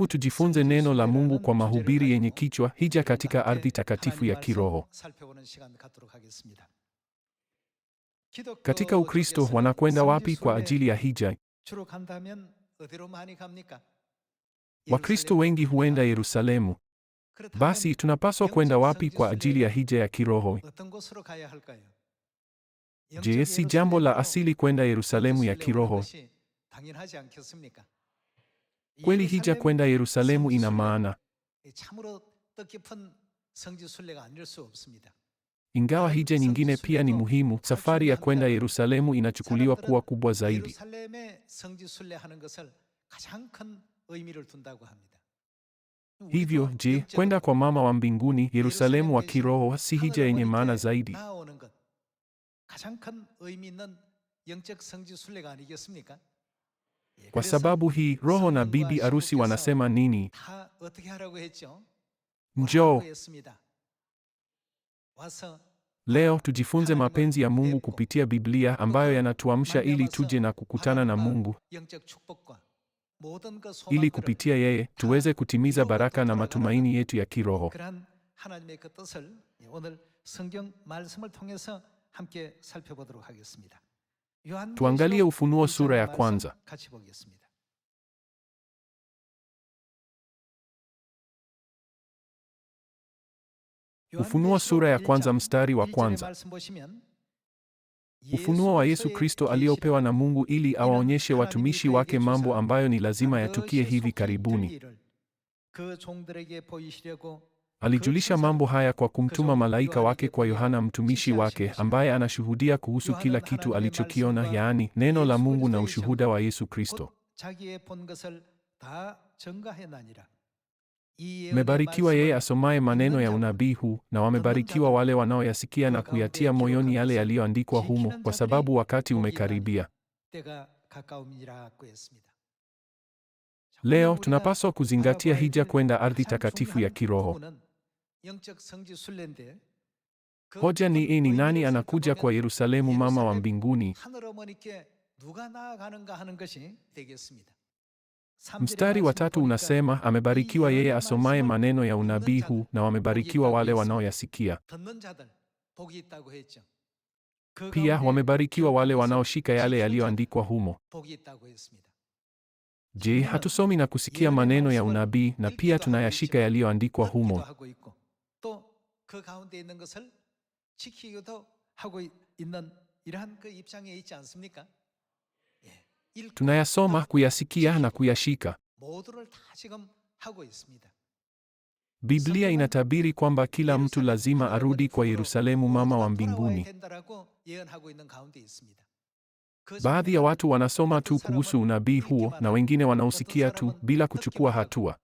Hebu tujifunze neno la Mungu kwa mahubiri yenye kichwa Hija katika ardhi takatifu ya kiroho. Katika Ukristo wanakwenda wapi kwa ajili ya hija? Wakristo wengi huenda Yerusalemu. Basi tunapaswa kwenda wapi kwa ajili ya hija ya kiroho? Je, si jambo la asili kwenda Yerusalemu ya kiroho? Kweli hija kwenda Yerusalemu ina maana, ingawa hija nyingine pia ni muhimu. Safari ya kwenda Yerusalemu inachukuliwa kuwa kubwa zaidi. Hivyo je, kwenda kwa Mama wa Mbinguni Yerusalemu wa kiroho si hija yenye maana zaidi? Kwa sababu hii Roho na bibi arusi wanasema nini? Njoo. Leo tujifunze mapenzi ya Mungu kupitia Biblia ambayo yanatuamsha ili tuje na kukutana na Mungu, ili kupitia yeye tuweze kutimiza baraka na matumaini yetu ya kiroho. Tuangalie Ufunuo sura ya kwanza. Ufunuo sura ya kwanza mstari wa kwanza. Ufunuo wa Yesu Kristo aliopewa na Mungu ili awaonyeshe watumishi wake mambo ambayo ni lazima yatukie hivi karibuni. Alijulisha mambo haya kwa kumtuma malaika wake kwa Yohana mtumishi wake, ambaye anashuhudia kuhusu kila kitu alichokiona, yaani neno la Mungu na ushuhuda wa Yesu Kristo. Mebarikiwa yeye asomaye maneno ya unabii huu, na wamebarikiwa wale wanaoyasikia na kuyatia moyoni yale yaliyoandikwa humo, kwa sababu wakati umekaribia. Leo tunapaswa kuzingatia hija kwenda ardhi takatifu ya kiroho. Hoja ni ini, nani anakuja kwa Yerusalemu mama wa mbinguni? Mstari wa tatu unasema amebarikiwa yeye asomaye maneno ya unabii huu, na wamebarikiwa wale wanaoyasikia. Pia wamebarikiwa wale wanaoshika yale yaliyoandikwa humo. Je, hatusomi na kusikia maneno ya unabii na pia tunayashika yaliyoandikwa humo? 그 가운데 있는 것을 지키기도 하고 있는 이러한 그 입장에 있지 않습니까? 예. Tunayasoma, kuyasikia na kuyashika. 모두를 다 지금 하고 있습니다. Biblia inatabiri kwamba kila mtu lazima arudi kwa Yerusalemu mama wa mbinguni. Baadhi ya watu wanasoma tu kuhusu unabii huo na wengine wanausikia tu bila kuchukua hatua.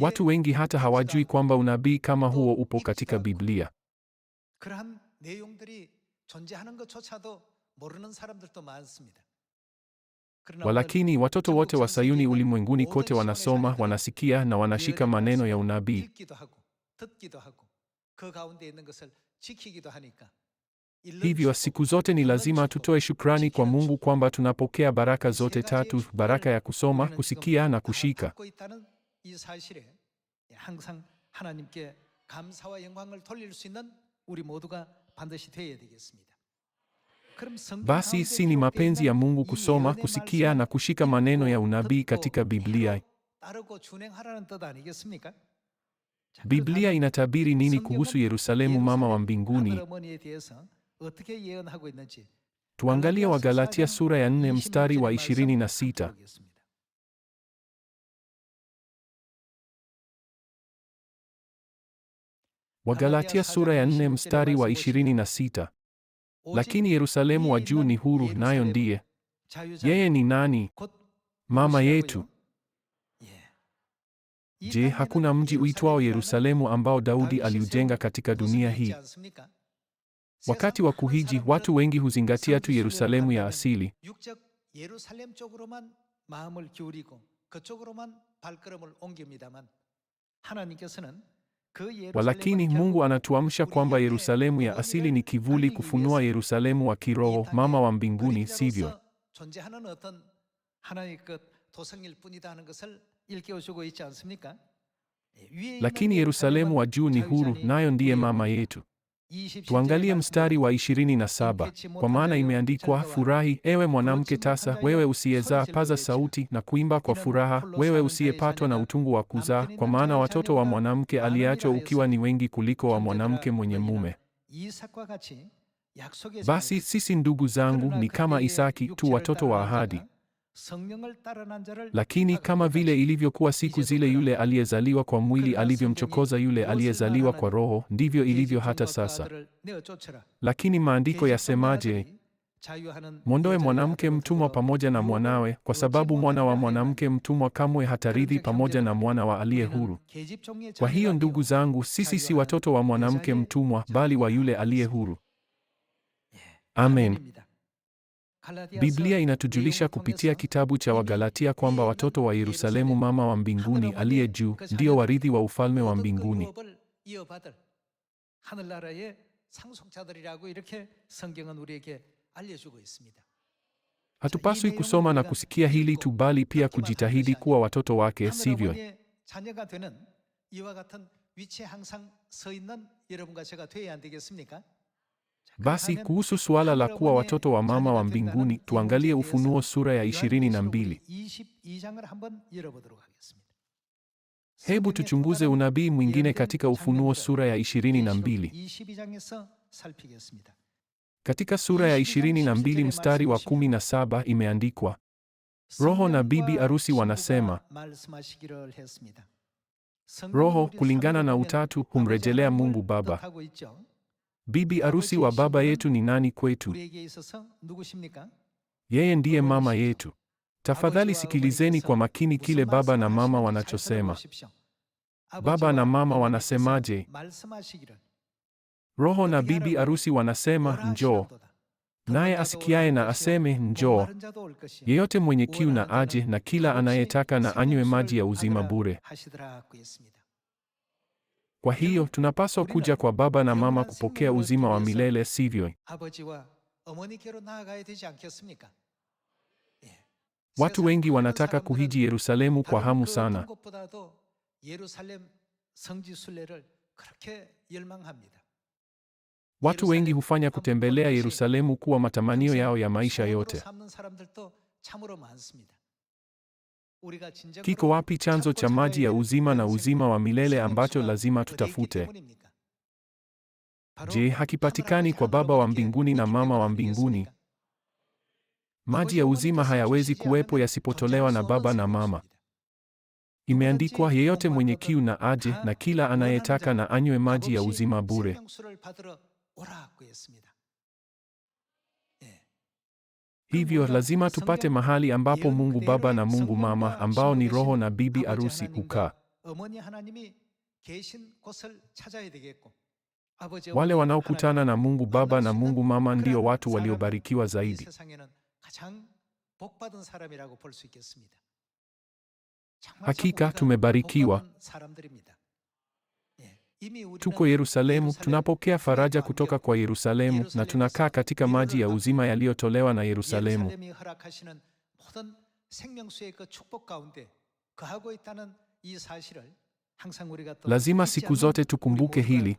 Watu wengi hata hawajui kwamba unabii kama huo upo katika Biblia. Walakini watoto wote wa Sayuni ulimwenguni kote wanasoma, wanasikia na wanashika maneno ya unabii. 듣기도 하고 그 가운데 있는 것을 지키기도 하니까 Hivyo siku zote ni lazima tutoe shukrani kwa Mungu kwamba tunapokea baraka zote tatu, baraka ya kusoma, kusikia na kushika. Basi si ni mapenzi ya Mungu kusoma, kusikia na kushika maneno ya unabii katika Biblia? Biblia inatabiri nini kuhusu Yerusalemu mama wa mbinguni? Tuangalie Wagalatia sura ya 4 mstari wa 26. Wagalatia sura ya 4 mstari wa 26. Lakini Yerusalemu wa juu ni huru, nayo ndiye yeye ni nani? Mama yetu. Je, hakuna mji uitwao Yerusalemu ambao Daudi aliujenga katika dunia hii? Wakati wa kuhiji watu wengi huzingatia tu Yerusalemu ya asili. Walakini Mungu anatuamsha kwamba Yerusalemu ya asili ni kivuli, kufunua Yerusalemu wa kiroho, mama wa mbinguni, sivyo? Lakini Yerusalemu wa juu ni huru, nayo ndiye mama yetu. Tuangalie mstari wa 27, kwa maana imeandikwa, furahi ewe mwanamke tasa, wewe usiyezaa, paza sauti na kuimba kwa furaha, wewe usiyepatwa na utungu wa kuzaa, kwa maana watoto wa mwanamke aliyeachwa ukiwa ni wengi kuliko wa mwanamke mwenye mume. Basi sisi ndugu zangu, ni kama Isaki tu, watoto wa ahadi. Lakini kama vile ilivyokuwa siku zile, yule aliyezaliwa kwa mwili alivyomchokoza yule aliyezaliwa kwa Roho, ndivyo ilivyo hata sasa. Lakini maandiko yasemaje? Mwondoe mwanamke mtumwa pamoja na mwanawe, kwa sababu mwana wa mwanamke mtumwa kamwe hatarithi pamoja na mwana wa aliye huru. Kwa hiyo, ndugu zangu, sisi si watoto wa mwanamke mtumwa, bali wa yule aliye huru. Amen. Biblia inatujulisha kupitia kitabu cha Wagalatia kwamba watoto wa Yerusalemu, mama wa mbinguni aliye juu, ndio warithi wa ufalme wa mbinguni. Hatupaswi kusoma na kusikia hili tu, bali pia kujitahidi kuwa watoto wake, sivyo? Basi kuhusu suala la kuwa watoto wa mama wa mbinguni, tuangalie Ufunuo sura ya 22. Hebu tuchunguze unabii mwingine katika Ufunuo sura ya 22. Katika sura ya 22 mstari wa 17 imeandikwa, Roho na bibi arusi wanasema. Roho kulingana na Utatu humrejelea Mungu Baba. Bibi arusi wa Baba yetu ni nani kwetu? Yeye ndiye mama yetu. Tafadhali sikilizeni kwa makini kile baba na mama wanachosema. Baba na mama wanasemaje? Roho na bibi arusi wanasema njoo, naye asikiaye na aseme njoo. Yeyote mwenye kiu na aje, na kila anayetaka na anywe maji ya uzima bure. Kwa hiyo tunapaswa kuja kwa Baba na Mama kupokea uzima wa milele, sivyo? Eh. Watu wengi wanataka kuhiji Yerusalemu kwa hamu sana. Watu wengi hufanya kutembelea Yerusalemu kuwa matamanio yao ya maisha yote. Kiko wapi chanzo cha maji ya uzima na uzima wa milele ambacho lazima tutafute? Je, hakipatikani kwa Baba wa mbinguni na Mama wa mbinguni? Maji ya uzima hayawezi kuwepo yasipotolewa na Baba na Mama. Imeandikwa, yeyote mwenye kiu na aje, na kila anayetaka na anywe maji ya uzima bure. Hivyo lazima tupate mahali ambapo Mungu Baba na Mungu Mama ambao ni Roho na bibi arusi hukaa. Wale wanaokutana na Mungu Baba na Mungu Mama ndio watu waliobarikiwa zaidi. Hakika tumebarikiwa. Tuko Yerusalemu, tunapokea faraja kutoka kwa Yerusalemu na tunakaa katika maji ya uzima yaliyotolewa na Yerusalemu. Lazima siku zote tukumbuke hili.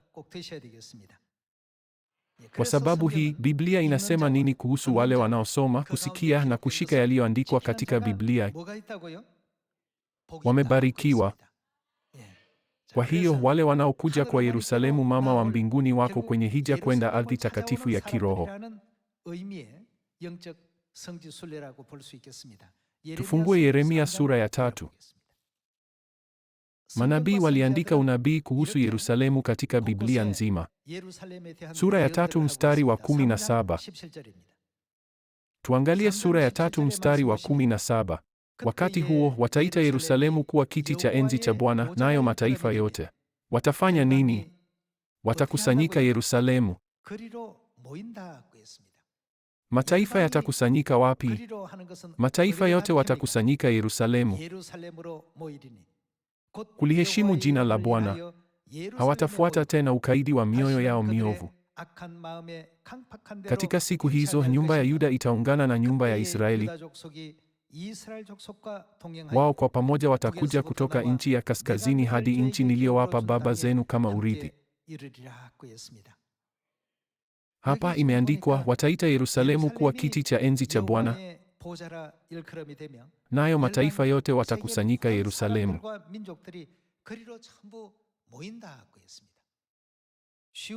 Kwa sababu hii, Biblia inasema nini kuhusu wale wanaosoma, kusikia na kushika yaliyoandikwa katika Biblia? Wamebarikiwa. Kwa hiyo wale wanaokuja kwa Yerusalemu mama wa mbinguni wako kwenye hija kwenda ardhi takatifu ya kiroho. Tufungue Yeremia sura ya tatu. Manabii waliandika unabii kuhusu Yerusalemu katika Biblia nzima. Sura ya tatu mstari wa kumi na saba. Tuangalie sura ya tatu mstari wa kumi na saba. Wakati huo wataita Yerusalemu kuwa kiti cha enzi cha Bwana, nayo mataifa yote watafanya nini? Watakusanyika Yerusalemu. Mataifa yatakusanyika wapi? Mataifa yote watakusanyika Yerusalemu. Kuliheshimu jina la Bwana. Hawatafuata tena ukaidi wa mioyo yao miovu. Katika siku hizo nyumba ya Yuda itaungana na nyumba ya Israeli. Wao kwa pamoja watakuja kutoka nchi ya kaskazini hadi nchi niliyowapa baba zenu kama urithi. Hapa imeandikwa wataita Yerusalemu kuwa kiti cha enzi cha Bwana, nayo mataifa yote watakusanyika Yerusalemu.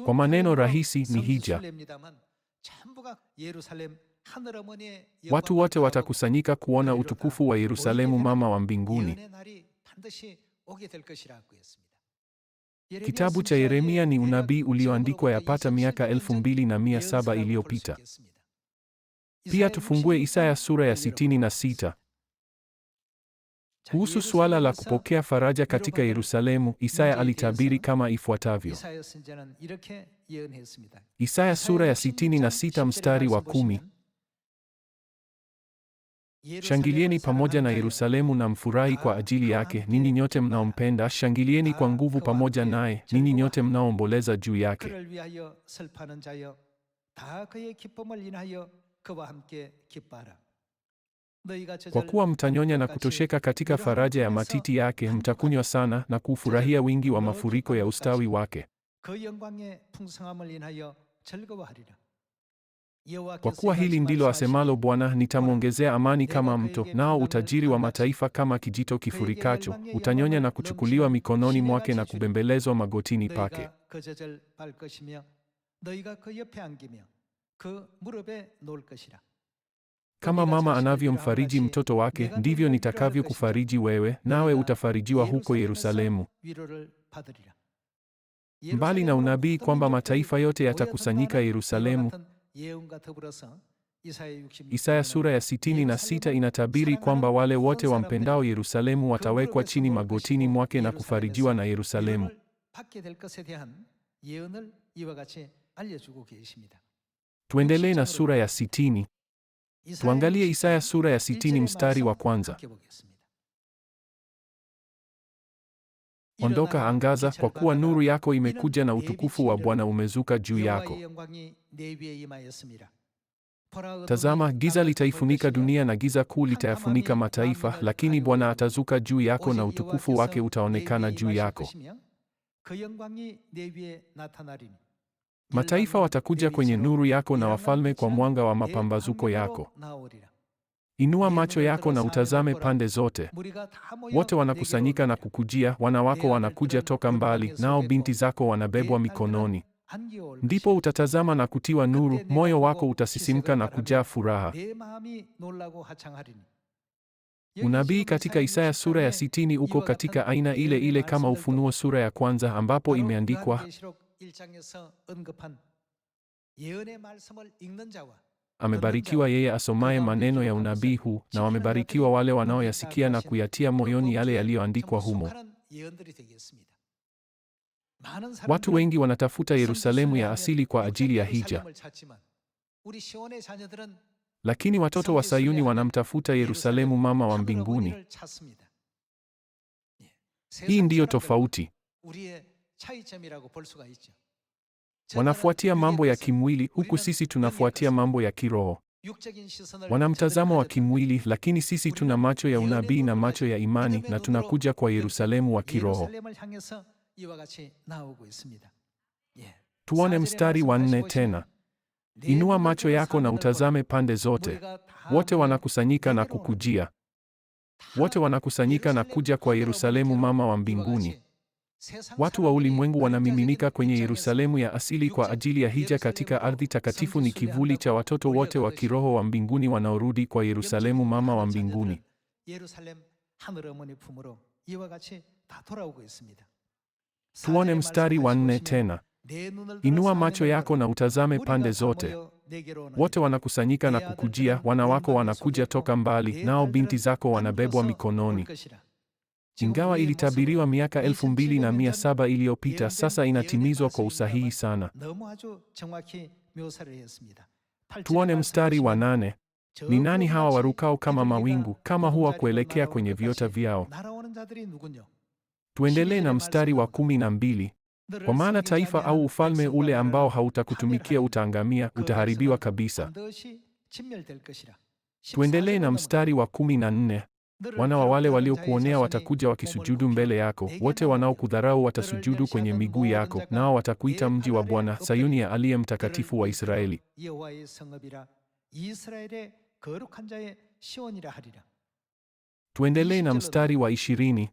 Kwa maneno rahisi ni hija. Watu wote watakusanyika kuona utukufu wa Yerusalemu, mama wa mbinguni. Kitabu cha Yeremia ni unabii ulioandikwa yapata miaka elfu mbili na mia saba iliyopita. Pia tufungue Isaya sura ya sitini na sita kuhusu suala la kupokea faraja katika Yerusalemu. Isaya alitabiri kama ifuatavyo. Isaya sura ya sitini na sita mstari wa kumi. Shangilieni pamoja na Yerusalemu na mfurahi kwa ajili yake, ninyi nyote mnaompenda. Shangilieni kwa nguvu pamoja naye, ninyi nyote mnaoomboleza juu yake. Kwa kuwa mtanyonya na kutosheka katika faraja ya matiti yake, mtakunywa sana na kuufurahia wingi wa mafuriko ya ustawi wake. Kwa kuwa hili ndilo asemalo Bwana, nitamwongezea amani kama mto, nao utajiri wa mataifa kama kijito kifurikacho; utanyonya na kuchukuliwa mikononi mwake na kubembelezwa magotini pake. Kama mama anavyomfariji mtoto wake, ndivyo nitakavyokufariji wewe, nawe utafarijiwa huko Yerusalemu. Mbali na unabii kwamba mataifa yote yatakusanyika Yerusalemu, Isaya sura ya sitini na sita inatabiri kwamba wale wote wampendao Yerusalemu watawekwa chini magotini mwake na kufarijiwa na Yerusalemu. Tuendelee na sura ya sitini. Tuangalie Isaya sura ya sitini mstari wa kwanza. Ondoka, angaza, kwa kuwa nuru yako imekuja na utukufu wa Bwana umezuka juu yako. Tazama, giza litaifunika dunia na giza kuu litayafunika mataifa, lakini Bwana atazuka juu yako na utukufu wake utaonekana juu yako. Mataifa watakuja kwenye nuru yako na wafalme kwa mwanga wa mapambazuko yako. Inua macho yako na utazame pande zote. Wote wanakusanyika na kukujia, wanawako wanakuja toka mbali, nao binti zako wanabebwa mikononi. Ndipo utatazama na kutiwa nuru, moyo wako utasisimka na kujaa furaha. Unabii katika Isaya sura ya sitini uko katika aina ile ile kama Ufunuo sura ya kwanza ambapo imeandikwa Amebarikiwa yeye asomaye maneno ya unabii huu, na wamebarikiwa wale wanaoyasikia na kuyatia moyoni yale yaliyoandikwa humo. Watu wengi wanatafuta Yerusalemu ya asili kwa ajili ya hija, lakini watoto wa Sayuni wanamtafuta Yerusalemu, mama wa mbinguni. Hii ndiyo tofauti. Wanafuatia mambo ya kimwili huku sisi tunafuatia mambo ya kiroho. Wana mtazamo wa kimwili lakini sisi tuna macho ya unabii na macho ya imani na tunakuja kwa Yerusalemu wa kiroho. Tuone mstari wa nne tena. Inua macho yako na utazame pande zote. Wote wanakusanyika na kukujia. Wote wanakusanyika na kuja kwa Yerusalemu mama wa mbinguni. Watu wa ulimwengu wanamiminika kwenye Yerusalemu ya asili kwa ajili ya hija katika ardhi takatifu. Ni kivuli cha watoto wote wa kiroho wa mbinguni wanaorudi kwa Yerusalemu, mama wa mbinguni. Tuone mstari wa nne tena. Inua macho yako na utazame pande zote. Wote wanakusanyika na kukujia, wanawako wanakuja toka mbali, nao binti zako wanabebwa mikononi. Ingawa ilitabiriwa miaka elfu mbili na mia saba iliyopita, sasa inatimizwa kwa usahihi sana. Tuone mstari wa nane. Ni nani hawa warukao kama mawingu, kama huwa kuelekea kwenye viota vyao? Tuendelee na mstari wa kumi na mbili. Kwa maana taifa au ufalme ule ambao hautakutumikia utaangamia, utaharibiwa kabisa. Tuendelee na mstari wa kumi na nne. Wana wa wale waliokuonea watakuja wakisujudu mbele yako, wote wanaokudharau watasujudu kwenye miguu yako, nao watakuita mji wa Bwana, Sayuni ya aliye mtakatifu wa Israeli. Tuendelee na mstari wa ishirini.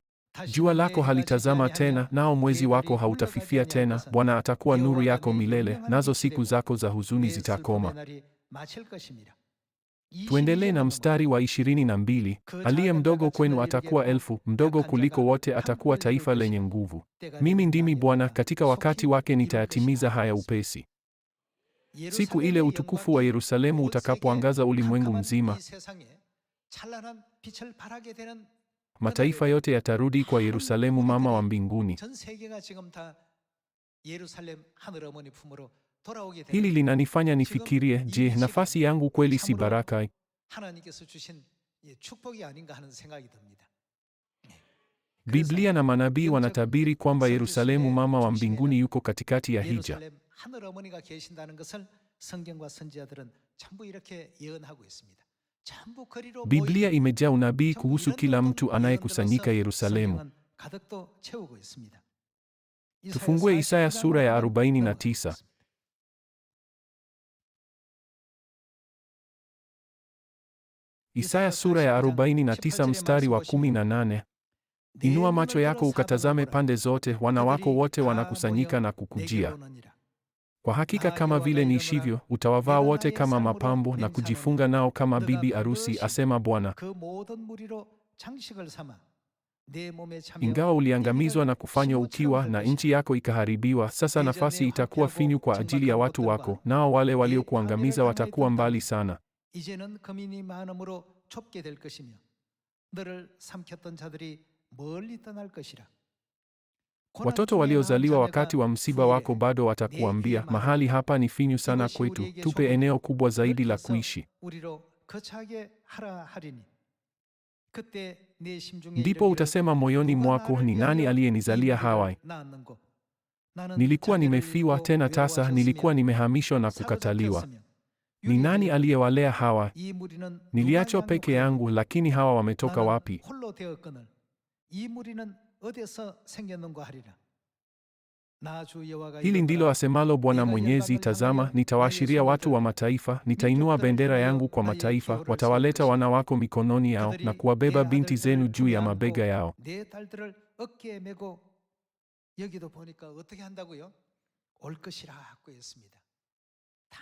Jua lako halitazama tena, nao mwezi wako hautafifia tena. Bwana atakuwa nuru yako milele, nazo siku zako za huzuni zitakoma. Tuendelee na mstari wa ishirini na mbili. Aliye mdogo kwenu atakuwa elfu, mdogo kuliko wote atakuwa taifa lenye nguvu. Mimi ndimi Bwana, katika wakati wake nitayatimiza haya upesi. Siku ile utukufu wa Yerusalemu utakapoangaza ulimwengu mzima, mataifa yote yatarudi kwa Yerusalemu, mama wa mbinguni. Hili linanifanya nifikirie, je, nafasi yangu kweli si baraka? Biblia na manabii wanatabiri kwamba Yerusalemu mama wa mbinguni yuko katikati ya hija. Biblia imejaa unabii kuhusu kila mtu anayekusanyika Yerusalemu. Tufungue Isaya sura ya 49. Isaya sura ya 49 mstari wa 18. Inua macho yako ukatazame pande zote, wanawako wote wanakusanyika na kukujia. Kwa hakika kama vile niishivyo, utawavaa wote kama mapambo na kujifunga nao kama bibi arusi, asema Bwana. Ingawa uliangamizwa na kufanywa ukiwa na nchi yako ikaharibiwa, sasa nafasi itakuwa finyu kwa ajili ya watu wako, nao wale waliokuangamiza watakuwa mbali sana. 좁게 될 것이며 너를 삼켰던 자들이 멀리 떠날 것이라. Watoto waliozaliwa wakati wa msiba wako bado watakuambia, mahali hapa ni finyu sana kwetu, tupe eneo kubwa zaidi la kuishi. Ndipo utasema moyoni mwako, ni nani aliyenizalia hawa? Nilikuwa nimefiwa, tena tasa nilikuwa nimehamishwa na kukataliwa. Ni nani aliyewalea hawa? Niliachwa peke yangu, lakini hawa wametoka wapi? E Hili ndilo asemalo Bwana Mwenyezi: Tazama, nitawaashiria watu wa mataifa, nitainua bendera yangu kwa mataifa, watawaleta wana wako mikononi yao na kuwabeba binti zenu juu ya mabega yao.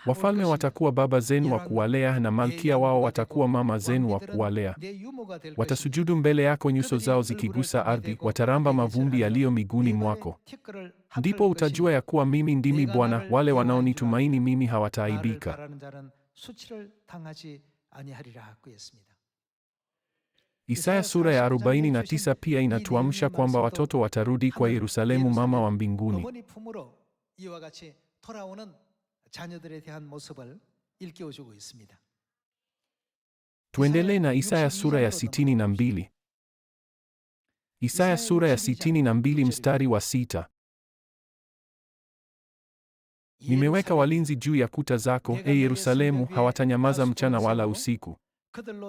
Wafalme watakuwa baba zenu wa kuwalea, na malkia wao watakuwa mama zenu wa kuwalea. Watasujudu mbele yako, nyuso zao zikigusa ardhi, wataramba mavumbi yaliyo miguuni mwako. Ndipo utajua ya kuwa mimi ndimi Bwana, wale wanaonitumaini mimi hawataaibika. Isaya sura ya 49 pia inatuamsha kwamba watoto watarudi kwa Yerusalemu, mama wa mbinguni. 자녀들에 대한 모습을 일깨워주고 있습니다. Tuendelee na Isaya sura ya sitini na mbili. Isaya sura ya sitini na mbili mstari wa sita. Nimeweka walinzi juu ya kuta zako, e Yerusalemu, hawatanyamaza mchana wala usiku.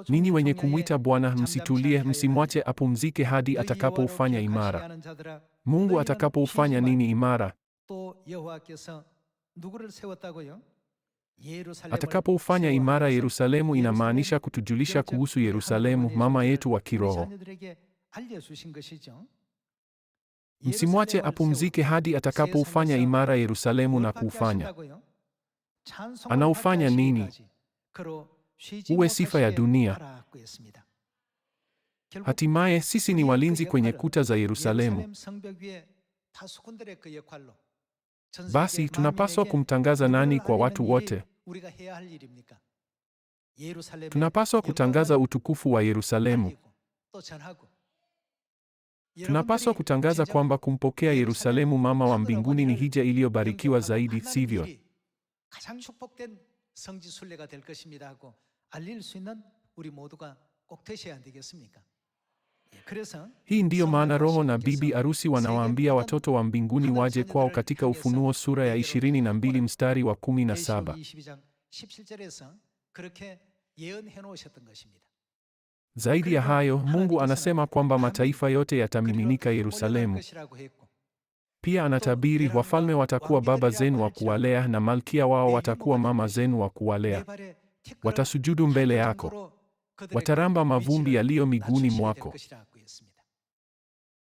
Ninyi wenye kumwita Bwana, msitulie, msimwache apumzike hadi atakapoufanya imara. Mungu atakapoufanya nini imara? atakapoufanya imara Yerusalemu, inamaanisha kutujulisha kuhusu Yerusalemu, mama yetu wa kiroho. Msimwache apumzike hadi atakapoufanya imara Yerusalemu na kuufanya. Anaufanya nini? Uwe sifa ya dunia. Hatimaye sisi ni walinzi kwenye kuta za Yerusalemu. Basi tunapaswa kumtangaza nani kwa watu wote? Tunapaswa kutangaza utukufu wa Yerusalemu. Tunapaswa kutangaza kwamba kumpokea Yerusalemu mama wa mbinguni ni hija iliyobarikiwa zaidi, sivyo? Hii ndiyo maana Roho na bibi arusi wanawaambia watoto wa mbinguni waje kwao katika Ufunuo sura ya 22 mstari wa 17. Zaidi ya hayo, Mungu anasema kwamba mataifa yote yatamiminika Yerusalemu. Pia anatabiri wafalme watakuwa baba zenu wa kuwalea na malkia wao watakuwa mama zenu wa kuwalea. Watasujudu mbele yako wataramba mavumbi yaliyo miguuni mwako.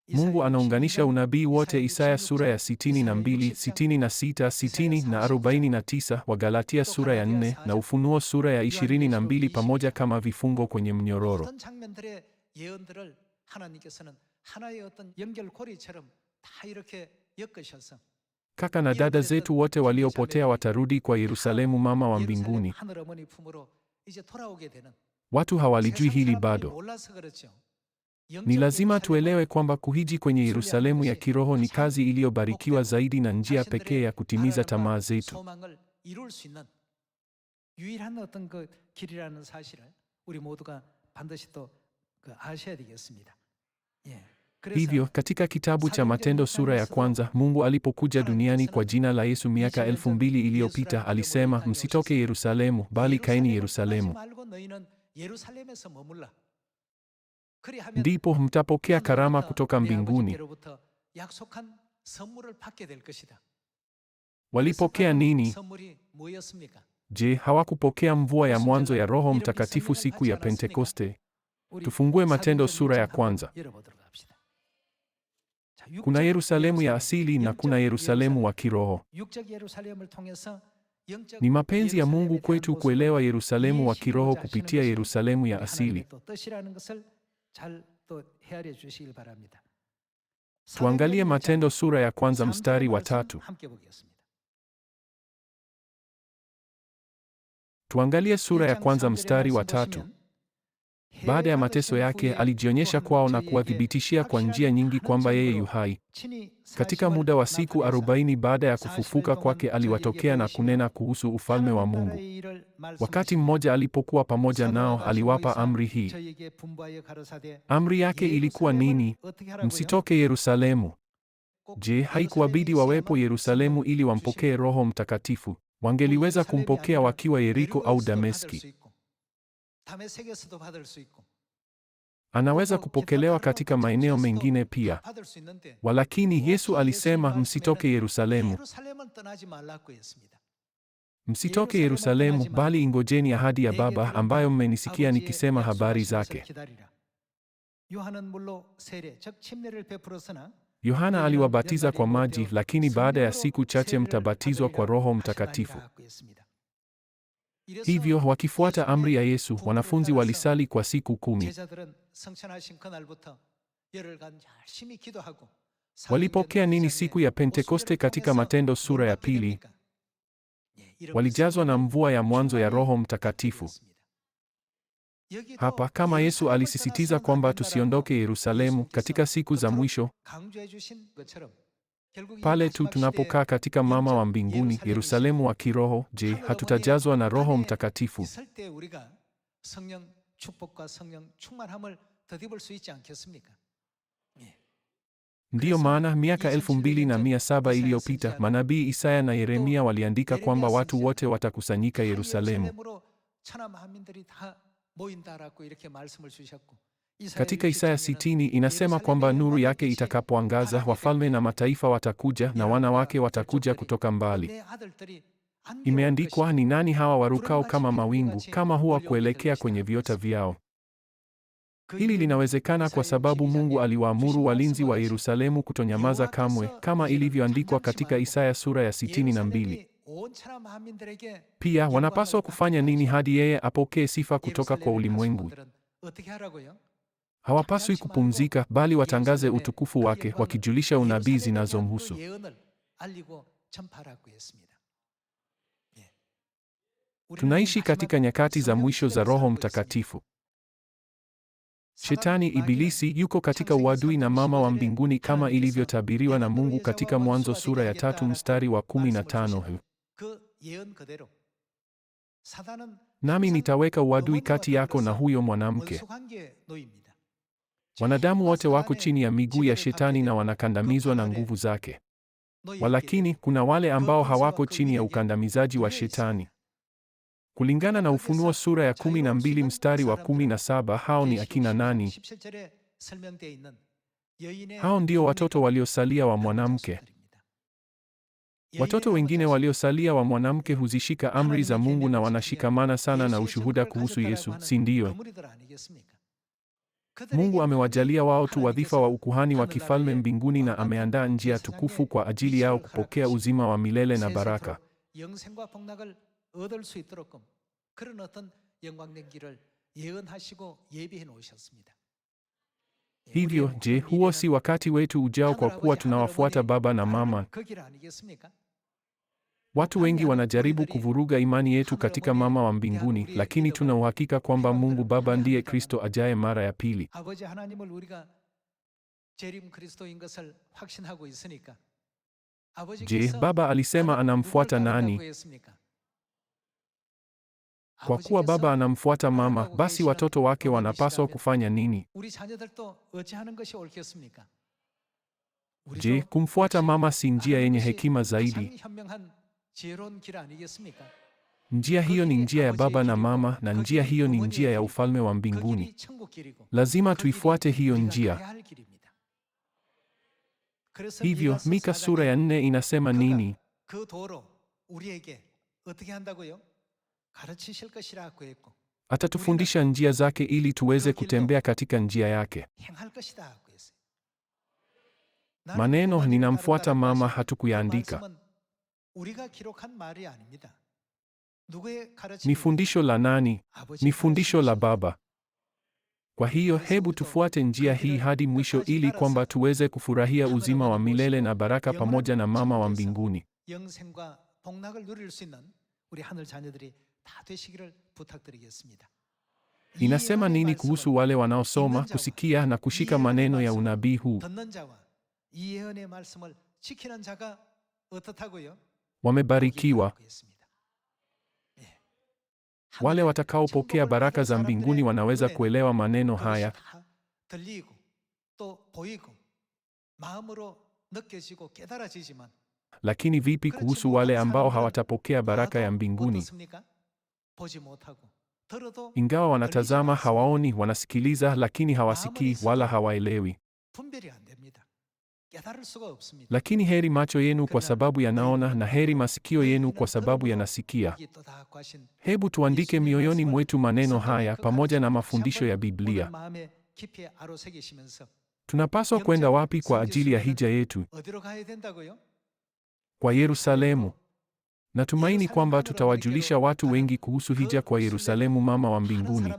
Mungu anaunganisha unabii wote Isaya sura ya 62, 66, 60 na 49, sura ya 4 na Ufunuo sura ya 22 pamoja kama vifungo kwenye mnyororo. Kaka na dada zetu wote waliopotea watarudi kwa Yerusalemu, mama wa mbinguni. Watu hawalijui hili bado. Ni lazima tuelewe kwamba kuhiji kwenye Yerusalemu ya kiroho ni kazi iliyobarikiwa zaidi na njia pekee ya kutimiza tamaa zetu. Hivyo katika kitabu cha Matendo sura ya kwanza, Mungu alipokuja duniani kwa jina la Yesu miaka elfu mbili iliyopita alisema, msitoke Yerusalemu bali kaeni Yerusalemu ndipo mtapokea karama kutoka mbinguni. Walipokea nini? Je, hawakupokea mvua ya mwanzo ya Roho Mtakatifu siku ya Pentekoste? Tufungue Matendo sura ya kwanza. Kuna Yerusalemu ya asili na kuna Yerusalemu wa kiroho. Ni mapenzi ya Mungu kwetu kuelewa Yerusalemu wa kiroho kupitia Yerusalemu ya asili. Tuangalie Matendo sura ya kwanza mstari wa tatu. Tuangalie sura ya kwanza mstari wa tatu. Baada ya mateso yake, alijionyesha kwao na kuwathibitishia kwa njia nyingi kwamba yeye yu hai. Katika muda wa siku 40 baada ya kufufuka kwake, aliwatokea na kunena kuhusu ufalme wa Mungu. Wakati mmoja alipokuwa pamoja nao, aliwapa amri hii. Amri yake ilikuwa nini? Msitoke Yerusalemu. Je, haikuwabidi wawepo Yerusalemu ili wampokee Roho Mtakatifu? Wangeliweza kumpokea wakiwa Yeriko au Dameski. Anaweza kupokelewa katika maeneo mengine pia. Walakini Yesu alisema, msitoke Yerusalemu, msitoke Yerusalemu, bali ingojeni ahadi ya Baba ambayo mmenisikia nikisema habari zake. Yohana aliwabatiza kwa maji, lakini baada ya siku chache mtabatizwa kwa Roho Mtakatifu. Hivyo wakifuata amri ya Yesu, wanafunzi walisali kwa siku kumi. Walipokea nini siku ya Pentekoste katika Matendo sura ya pili? Walijazwa na mvua ya mwanzo ya Roho Mtakatifu. Hapa kama Yesu alisisitiza kwamba tusiondoke Yerusalemu katika siku za mwisho. Pale tu tunapokaa katika mama wa mbinguni, Yerusalemu wa kiroho, je, hatutajazwa na Roho Mtakatifu? Ndiyo maana miaka elfu mbili na mia saba iliyopita manabii Isaya na Yeremia waliandika kwamba watu wote watakusanyika Yerusalemu. Katika Isaya 60 inasema kwamba nuru yake itakapoangaza, wafalme na mataifa watakuja na wanawake watakuja kutoka mbali. Imeandikwa, ni nani hawa warukao kama mawingu, kama huwa kuelekea kwenye viota vyao? Hili linawezekana kwa sababu Mungu aliwaamuru walinzi wa Yerusalemu kutonyamaza kamwe, kama ilivyoandikwa katika Isaya sura ya 62. Pia wanapaswa kufanya nini hadi yeye apokee sifa kutoka kwa ulimwengu? Hawapaswi kupumzika, bali watangaze utukufu wake, wakijulisha unabii zinazomhusu. Tunaishi katika nyakati za mwisho za Roho Mtakatifu. Shetani Ibilisi yuko katika uadui na Mama wa mbinguni kama ilivyotabiriwa na Mungu katika Mwanzo sura ya tatu mstari wa 15. Nami nitaweka uadui kati yako na huyo mwanamke. Wanadamu wote wako chini ya miguu ya Shetani na wanakandamizwa na nguvu zake. Walakini kuna wale ambao hawako chini ya ukandamizaji wa Shetani. Kulingana na Ufunuo sura ya 12 mstari wa 17, hao ni akina nani? Hao ndio watoto waliosalia wa mwanamke. Watoto wengine waliosalia wa mwanamke huzishika amri za Mungu na wanashikamana sana na ushuhuda kuhusu Yesu, si ndio? Mungu amewajalia wao tu wadhifa wa ukuhani wa kifalme mbinguni na ameandaa njia tukufu kwa ajili yao kupokea uzima wa milele na baraka. Hivyo je, huo si wakati wetu ujao kwa kuwa tunawafuata Baba na Mama? Watu wengi wanajaribu kuvuruga imani yetu katika Mama wa Mbinguni, lakini tuna uhakika kwamba Mungu Baba ndiye Kristo ajaye mara ya pili. Je, Baba alisema anamfuata nani? Kwa kuwa Baba anamfuata Mama, basi watoto wake wanapaswa kufanya nini? Je, kumfuata Mama si njia yenye hekima zaidi? Njia hiyo ni njia ya Baba na Mama, na njia hiyo ni njia ya ufalme wa mbinguni. Lazima tuifuate hiyo njia. Hivyo Mika sura ya nne inasema nini? Atatufundisha njia zake ili tuweze kutembea katika njia yake. Maneno ninamfuata mama hatukuyaandika. Ni fundisho la nani? Ni fundisho la Baba. Kwa hiyo hebu tufuate njia hii hadi mwisho ili kwamba tuweze kufurahia uzima wa milele na baraka pamoja na Mama wa mbinguni. Inasema nini kuhusu wale wanaosoma, kusikia na kushika maneno ya unabii huu? wamebarikiwa. Wale watakaopokea baraka za mbinguni wanaweza kuelewa maneno haya. Lakini vipi kuhusu wale ambao hawatapokea baraka ya mbinguni? Ingawa wanatazama, hawaoni; wanasikiliza, lakini hawasikii wala hawaelewi. Lakini heri macho yenu kwa sababu yanaona, na heri masikio yenu kwa sababu yanasikia. Hebu tuandike mioyoni mwetu maneno haya pamoja na mafundisho ya Biblia. Tunapaswa kwenda wapi kwa ajili ya hija yetu? Kwa Yerusalemu. Natumaini kwamba tutawajulisha watu wengi kuhusu hija kwa Yerusalemu, mama wa mbinguni.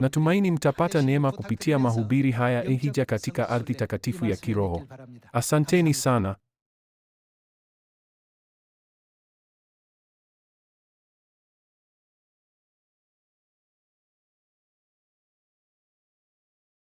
Natumaini mtapata neema kupitia mahubiri haya ehija katika ardhi takatifu ya kiroho. Asanteni sana.